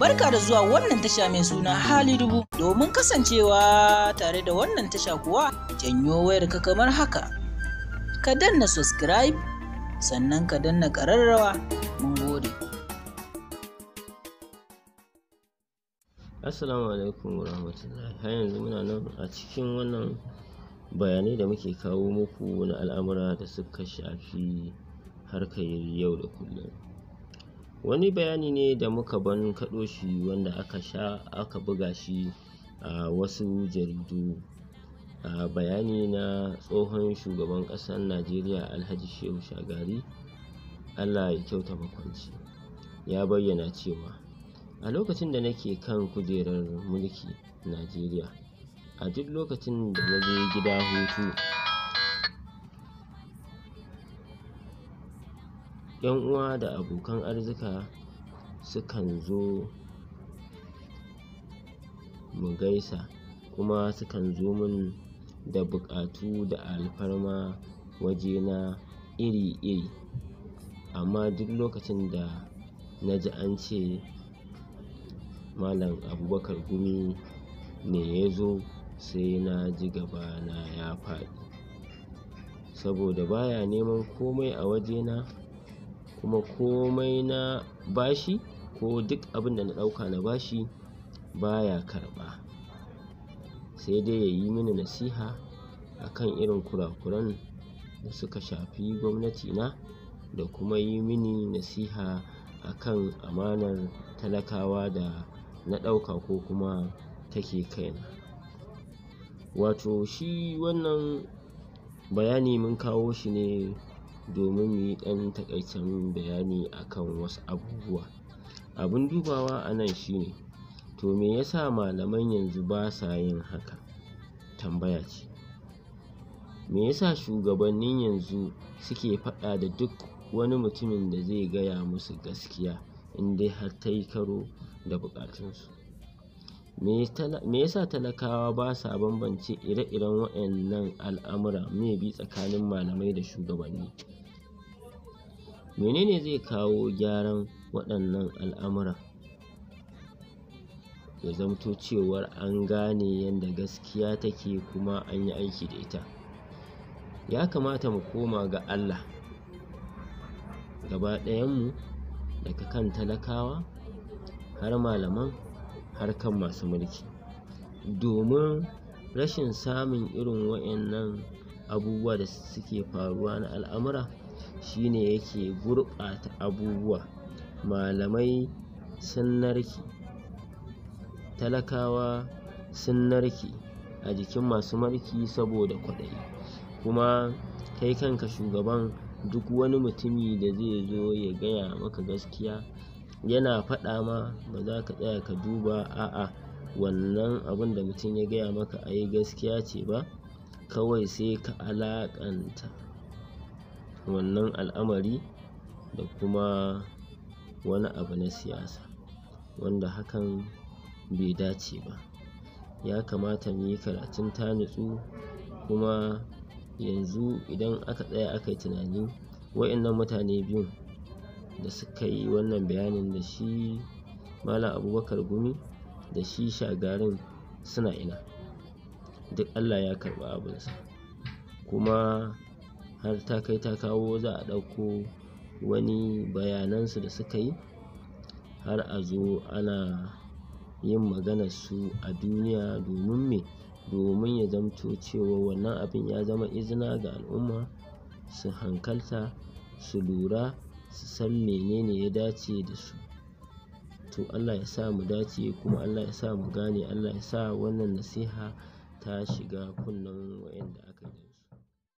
Barka da zuwa wannan tasha mai suna hali dubu domin kasancewa tare da wannan tasha kuwa janyo wayar ka kamar haka. Ka danna subscribe sannan ka danna ƙararrawa mun gode. Assalamu alaikum rahmatullahi har yanzu muna nan a cikin wannan bayanai da muke kawo muku na al'amura da suka shafi harkar yau da kullum. wani bayani ne da muka ban kaɗo shi wanda aka sha aka buga shi a wasu jaridu a bayani na tsohon shugaban ƙasar najeriya alhaji shehu shagari allah ya kyauta makwanci ya bayyana cewa a lokacin da nake kan kujerar mulki najeriya a duk lokacin da na je gida hutu 'yan uwa da abokan arzika sukan zo mu gaisa kuma sukan zo min da buƙatu da alfarma wajena iri-iri amma duk lokacin da na ji an ce Malam Abubakar Gumi ne ya zo sai na ji gaba na ya faɗi saboda baya neman komai a wajena kuma komai na bashi ko duk abin da na ɗauka na bashi baya karɓa sai dai ya yi mini nasiha akan irin kurakuran da suka shafi gwamnati na da kuma yi mini nasiha akan amanar talakawa da na ɗauka ko kuma take kaina wato shi wannan bayani mun kawo shi ne domin mu yi ɗan taƙaitaccen bayani akan wasu abubuwa abin dubawa a nan shine to me yasa malaman yanzu ba sa yin haka tambaya ce me yasa shugabannin yanzu suke faɗa da duk wani mutumin da zai gaya musu gaskiya in dai har ta yi karo da buƙatunsu Me yasa talakawa ba sa bambance ire-iren waɗannan al'amura bi tsakanin malamai da shugabanni? Menene zai kawo gyaran waɗannan al'amura? Ya zamto cewar an gane yadda gaskiya take kuma an yi aiki da ita. Ya kamata mu koma ga Allah gaba ɗayanmu daga kan talakawa har malaman. harkan masu mulki domin rashin samun irin waɗannan abubuwa da suke faruwa na al'amura shine yake gurɓata abubuwa malamai sun narke talakawa sun narke a jikin masu mulki saboda kwaɗayi kuma kai kanka shugaban duk wani mutumi da zai zo ya gaya maka gaskiya yana faɗa ma ba za ka tsaya ka duba a'a wannan abin da mutum ya gaya maka a yi gaskiya ce ba kawai sai ka alaƙanta wannan al'amari da kuma wani abu na siyasa wanda hakan bai dace ba ya kamata mu yi karatun ta nutsu kuma yanzu idan aka tsaya aka yi tunani waɗannan mutane biyun da suka yi wannan bayanin da shi Malam Abubakar Gumi da shi Shagarin suna ina duk Allah ya karɓi abinsa kuma har ta kai ta kawo za a ɗauko wani bayanansu da suka yi har a zo ana yin maganar su a duniya domin me domin ya zamto cewa wannan abin ya zama izina ga al'umma su hankalta su lura su san menene ya dace da su to Allah ya sa mu dace kuma Allah ya sa mu gane Allah ya sa wannan nasiha ta shiga kunnen wa'inda aka yi